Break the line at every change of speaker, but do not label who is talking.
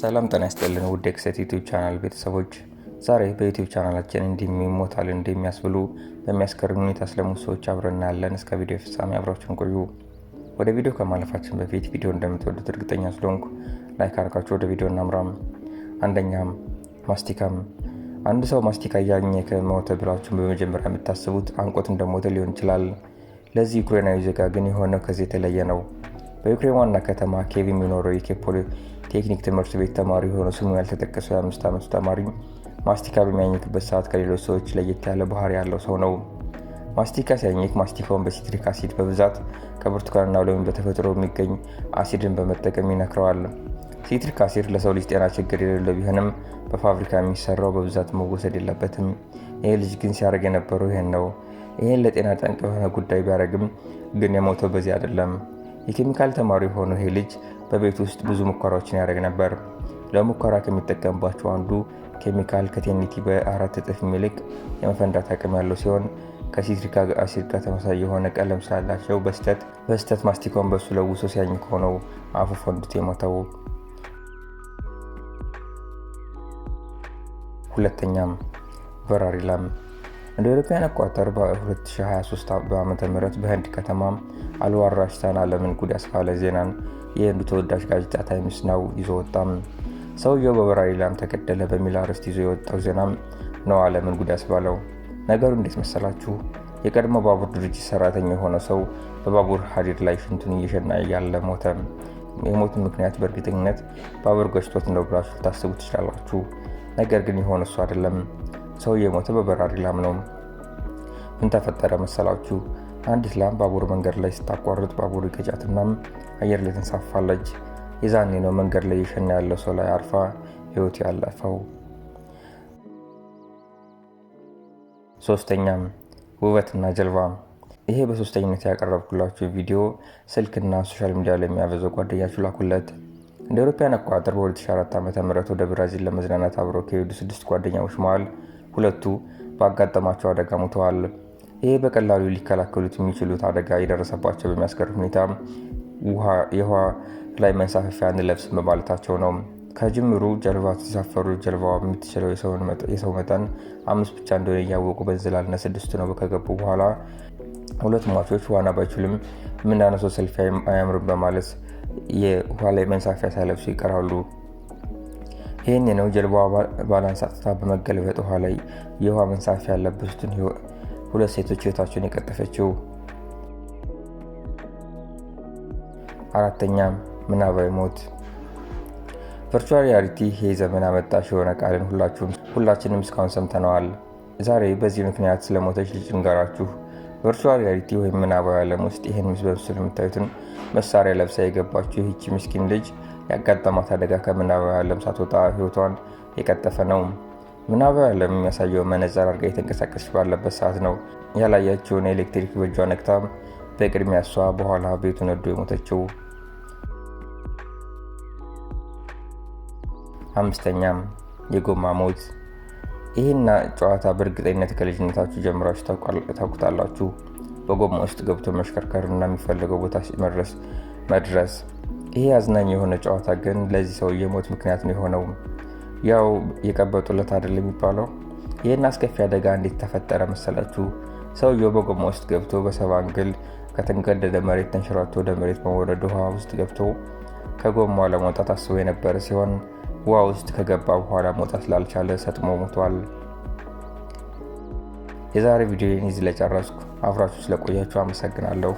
ሰላም ጤና ይስጥልን ውድ የክሰት ዩቲዩብ ቻናል ቤተሰቦች፣ ዛሬ በዩቲዩብ ቻናላችን እንዲህ ይሞታል እንደሚያስብሉ በሚያስገርም ሁኔታ ስለሙ ሰዎች አብረን እናያለን። እስከ ቪዲዮ ፍጻሜ አብራችን ቆዩ። ወደ ቪዲዮ ከማለፋችን በፊት ቪዲዮ እንደምትወዱት እርግጠኛ ስለሆንኩ ላይክ አድርጋችሁ ወደ ቪዲዮ እናምራም። አንደኛም ማስቲካም አንድ ሰው ማስቲካ እያኘ ከሞተ ብላችሁን በመጀመሪያ የምታስቡት አንቆት እንደሞተ ሊሆን ይችላል። ለዚህ ዩክሬናዊ ዜጋ ግን የሆነው ከዚህ የተለየ ነው። በዩክሬን ዋና ከተማ ኬቭ የሚኖረው የኬቭ ቴክኒክ ትምህርት ቤት ተማሪ የሆነ ስሙ ያልተጠቀሰው የአምስት ዓመቱ ተማሪ ማስቲካ በሚያኝክበት ሰዓት ከሌሎች ሰዎች ለየት ያለ ባህሪ ያለው ሰው ነው። ማስቲካ ሲያኝክ ማስቲካውን በሲትሪክ አሲድ በብዛት ከብርቱካንና ሎሚ በተፈጥሮ የሚገኝ አሲድን በመጠቀም ይነክረዋል። ሲትሪክ አሲድ ለሰው ልጅ ጤና ችግር የሌለው ቢሆንም በፋብሪካ የሚሰራው በብዛት መወሰድ የለበትም። ይህ ልጅ ግን ሲያደርግ የነበረው ይህን ነው። ይህን ለጤና ጠንቅ የሆነ ጉዳይ ቢያደርግም ግን የሞተው በዚህ አይደለም። የኬሚካል ተማሪ የሆነው ይሄ ልጅ በቤት ውስጥ ብዙ ሙከራዎችን ያደርግ ነበር። ለሙከራ ከሚጠቀምባቸው አንዱ ኬሚካል ከቴኒቲ በአራት እጥፍ ሚልቅ የመፈንዳት አቅም ያለው ሲሆን ከሲትሪክ አሲድ ጋር ተመሳሳይ የሆነ ቀለም ስላላቸው በስተት በስተት ማስቲኮን በሱ ለውሶ ሲያኝ ከሆነው አፉ ፈንድቶ የሞተው። ሁለተኛም በራሪ ላም እንደ አውሮፓውያን አቆጣጠር በ2023 ዓ.ም በህንድ ከተማ አልዋር ራሽታን ዓለምን ጉድ ያስባለ ዜናን የህንዱ ተወዳጅ ጋዜጣ ታይምስ ናው ይዞ ወጣም። ሰውየው በበራሪ ላም ተገደለ በሚል አርዕስት ይዞ የወጣው ዜናም ነው ዓለምን ጉድ ያስባለው። ነገሩ እንዴት መሰላችሁ? የቀድሞ ባቡር ድርጅት ሰራተኛ የሆነ ሰው በባቡር ሀዲድ ላይ ሽንቱን እየሸና እያለ ሞተ። የሞቱን ምክንያት በእርግጠኝነት ባቡር ገጭቶት ነው ብላችሁ ልታስቡ ትችላላችሁ። ነገር ግን የሆነ እሱ አይደለም። ሰው የሞተ በበራሪ ላም ነው። ምን ተፈጠረ መሰላችሁ? አንዲት ላም ባቡር መንገድ ላይ ስታቋርጥ ባቡር ይገጫትናም አየር ላይ ትንሳፋለች። የዛኔ ነው መንገድ ላይ እየሸና ያለው ሰው ላይ አርፋ ህይወት ያለፈው። ሶስተኛም ውበትና ጀልባ። ይሄ በሶስተኝነት ያቀረብኩላችሁ ቪዲዮ ስልክና ሶሻል ሚዲያ ላይ የሚያበዛው ጓደኛችሁ ላኩለት። እንደ አውሮፓውያን አቆጣጠር በ2004 ዓ ም ወደ ብራዚል ለመዝናናት አብረው ከሄዱ ስድስት ጓደኛዎች መሃል ሁለቱ ባጋጠማቸው አደጋ ሙተዋል። ይህ በቀላሉ ሊከላከሉት የሚችሉት አደጋ የደረሰባቸው በሚያስገርም ሁኔታ የውሃ ላይ መንሳፈፊያ እንለብስም በማለታቸው ነው። ከጅምሩ ጀልባ ተሳፈሩ። ጀልባዋ የምትችለው የሰው መጠን አምስት ብቻ እንደሆነ እያወቁ በእንዝላልና ስድስት ነው ከገቡ በኋላ ሁለት ሟቾች ዋና ባይችሉም የምናነሰው ሰልፊ አያምርም በማለት የውሃ ላይ መንሳፊያ ሳይለብሱ ይቀራሉ። ይህን ነው ጀልባዋ ባላንስ አጥታ በመገልበጥ ውሃ ላይ የውሃ መንሳፊ ያለበሱትን ሁለት ሴቶች ህይወታቸውን የቀጠፈችው። አራተኛም ምናባዊ ሞት ቨርቹዋል ሪያሊቲ ይሄ ዘመን አመጣሽ የሆነ ቃልን ሁላችንም እስካሁን ሰምተነዋል። ዛሬ በዚህ ምክንያት ስለሞተች ልጅ እንገራችሁ። ቨርቹዋል ሪያሊቲ ወይም ምናባዊ ዓለም ውስጥ ይህን በምስሉ የምታዩትን መሳሪያ ለብሳ የገባችው ይህቺ ምስኪን ልጅ ያጋጠማት አደጋ ከምናባዊ ዓለም ሳትወጣ ህይወቷን የቀጠፈ ነው። ምናባዊ ዓለም የሚያሳየው መነጽር አድርጋ የተንቀሳቀሰች ባለበት ሰዓት ነው ያላያቸውን ኤሌክትሪክ በእጇ ነክታ በቅድሚያ እሷ በኋላ ቤቱ ነዶ የሞተችው። አምስተኛም የጎማ ሞት። ይህና ጨዋታ በእርግጠኝነት ከልጅነታችሁ ጀምራችሁ ታውቁታላችሁ። በጎማ ውስጥ ገብቶ መሽከርከር እና የሚፈለገው ቦታ መድረስ ይሄ አዝናኝ የሆነ ጨዋታ ግን ለዚህ ሰው የሞት ምክንያት ነው የሆነው። ያው የቀበጡለት አይደል የሚባለው። ይህን አስከፊ አደጋ እንዴት ተፈጠረ መሰላችሁ? ሰውየው በጎማ ውስጥ ገብቶ በሰባ አንግል ከተንገደደ መሬት ተንሸራቶ ወደ መሬት በመውረድ ውሃ ውስጥ ገብቶ ከጎማ ለመውጣት አስቦ የነበረ ሲሆን ውሃ ውስጥ ከገባ በኋላ መውጣት ላልቻለ ሰጥሞ ሞቷል። የዛሬ ቪዲዮ ይዝ ለጨረስኩ አብራችሁ ስለቆያችሁ አመሰግናለሁ።